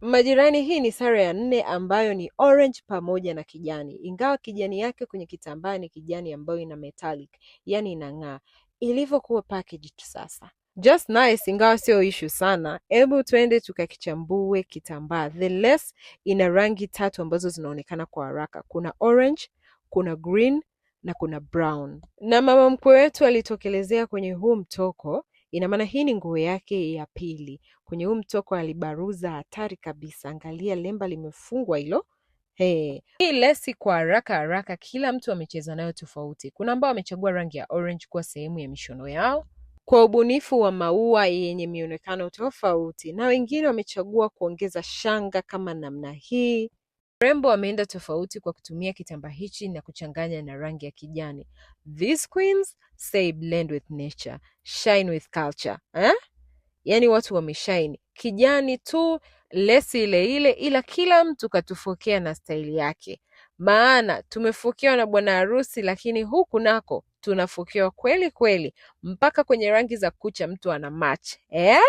Majirani hii ni sare ya nne ambayo ni orange pamoja na kijani, ingawa kijani yake kwenye kitambaa ni kijani ambayo ina metallic, yani inang'aa ilivyokuwa packaged sasa. Just nice, ingawa sio ishu sana. Hebu twende tukakichambue kitambaa. The lace ina rangi tatu ambazo zinaonekana kwa haraka, kuna orange, kuna green na kuna brown. Na mama mkwe wetu alitokelezea kwenye huu mtoko Ina maana hii ni nguo yake ya pili. Kwenye huu mtoko alibaruza hatari kabisa. Angalia lemba limefungwa hilo. Hey. Hii lesi kwa haraka haraka, kila mtu amecheza nayo tofauti. Kuna ambao wamechagua rangi ya orange kuwa sehemu ya mishono yao kwa ubunifu wa maua yenye mionekano tofauti, na wengine wamechagua kuongeza shanga kama namna hii. Warembo wameenda tofauti kwa kutumia kitambaa hichi na kuchanganya na rangi ya kijani. These queens say blend with nature, shine with culture eh? Yaani watu wameshine kijani tu, lesi ile ile, ila kila mtu katufokea na staili yake. Maana tumefokewa na bwana harusi, lakini huku nako tunafokewa kweli kweli, mpaka kwenye rangi za kucha mtu ana match eh?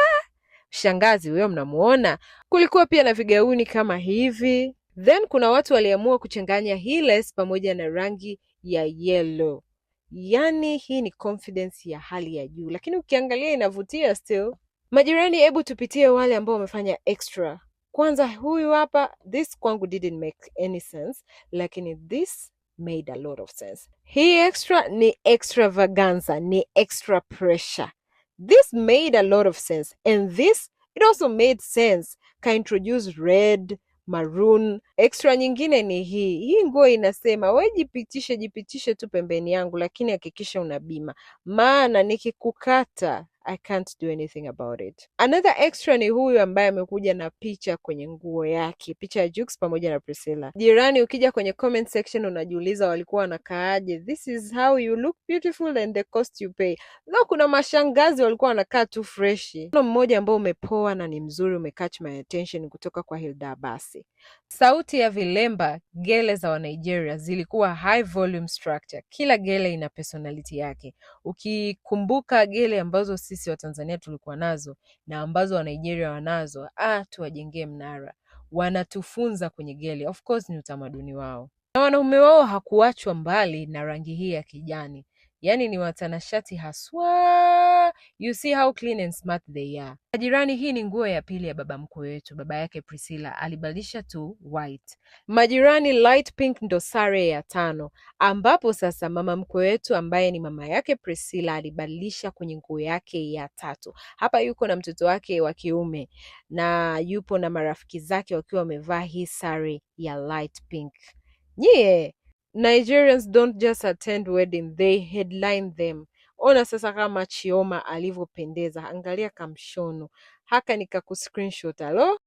Shangazi huyo mnamuona, kulikuwa pia na vigauni kama hivi Then kuna watu waliamua kuchanganya hii less pamoja na rangi ya yellow. Yaani hii ni confidence ya hali ya juu, lakini ukiangalia inavutia still. Majirani, hebu tupitie wale ambao wamefanya extra. Kwanza huyu hapa, this kwangu didn't make any sense, lakini this made a lot of sense. Hii extra ni extravaganza, ni extra pressure. This made a lot of sense and this it also made sense. Ka introduce red maroon. Extra nyingine ni hii hii nguo inasema, we jipitishe, jipitishe tu pembeni yangu, lakini hakikisha una bima, maana nikikukata I can't do anything about it. Another extra ni huyu ambaye amekuja na picha kwenye nguo yake, picha ya Jux pamoja na Priscilla. Jirani, ukija kwenye comment section unajiuliza walikuwa wanakaaje. This is how you look beautiful and the cost you pay. Leo kuna mashangazi walikuwa wanakaa tu freshi. Kuna mmoja ambao umepoa na ni mzuri umecatch my attention kutoka kwa Hilda Abasi. Sauti ya vilemba gele za Wanigeria zilikuwa high volume structure. Kila gele ina personality yake. Ukikumbuka gele ambazo sisi Watanzania tulikuwa nazo na ambazo Wanigeria wanazo, ah, tuwajengee mnara. Wanatufunza kwenye geli of course ni utamaduni wao, na wanaume wao hakuachwa mbali na rangi hii ya kijani, yaani ni watanashati haswa you see how clean and smart they are. Majirani, hii ni nguo ya pili ya baba mkwe wetu, baba yake Priscilla alibadilisha tu white. Majirani, light pink ndo sare ya tano, ambapo sasa mama mkwe wetu ambaye ni mama yake Priscilla alibadilisha kwenye nguo yake ya tatu. Hapa yuko na mtoto wake wa kiume na yupo na marafiki zake wakiwa wamevaa hii sare ya light pink. Nyie Nigerians don't just attend wedding, they headline them. Ona sasa kama Chioma alivyopendeza, angalia kamshono haka, nikakuscreenshot. Alo.